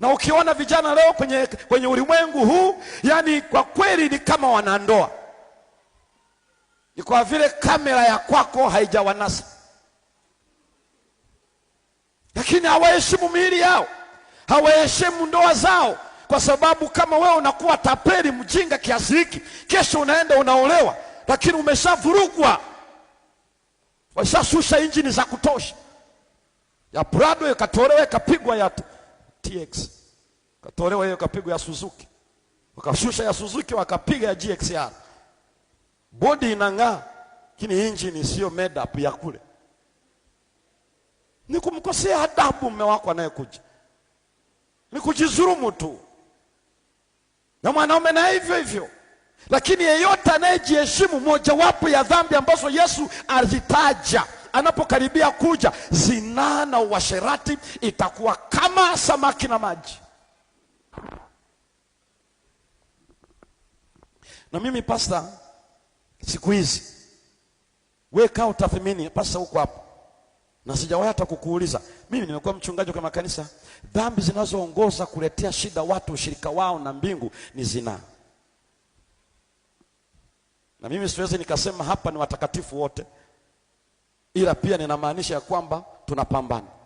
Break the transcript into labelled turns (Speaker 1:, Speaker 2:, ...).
Speaker 1: Na ukiona vijana leo kwenye, kwenye ulimwengu huu, yani kwa kweli ni kama wanandoa, ni kwa vile kamera ya kwako haijawanasa, lakini hawaheshimu miili yao, hawaheshimu ndoa zao, kwa sababu kama wewe unakuwa tapeli mjinga kiasi hiki, kesho unaenda unaolewa, lakini umeshavurugwa, washasusha injini za kutosha ya Prado ikatolewa ikapigwa yatu TX, katolewa hiyo kapigwa ya Suzuki, wakashusha ya Suzuki wakapiga ya GXR. Bodi inang'aa, lakini injini sio made up ya kule. Ni kumkosea adabu mume wako anayekuja, ni kujizurumu tu, na mwanaume na hivyo hivyo. Lakini yeyote anayejiheshimu, mojawapo ya dhambi ambazo Yesu alitaja anapokaribia kuja, zinaa na uasherati itakuwa kama samaki na maji. Na mimi pasta, siku hizi kaa utathmini pasta, huko hapo, na sijawahi hata kukuuliza mimi. Nimekuwa mchungaji kwa makanisa, dhambi zinazoongoza kuletea shida watu ushirika wao na mbingu ni zinaa na mimi siwezi nikasema hapa ni watakatifu wote, ila pia ninamaanisha ya kwamba tunapambana.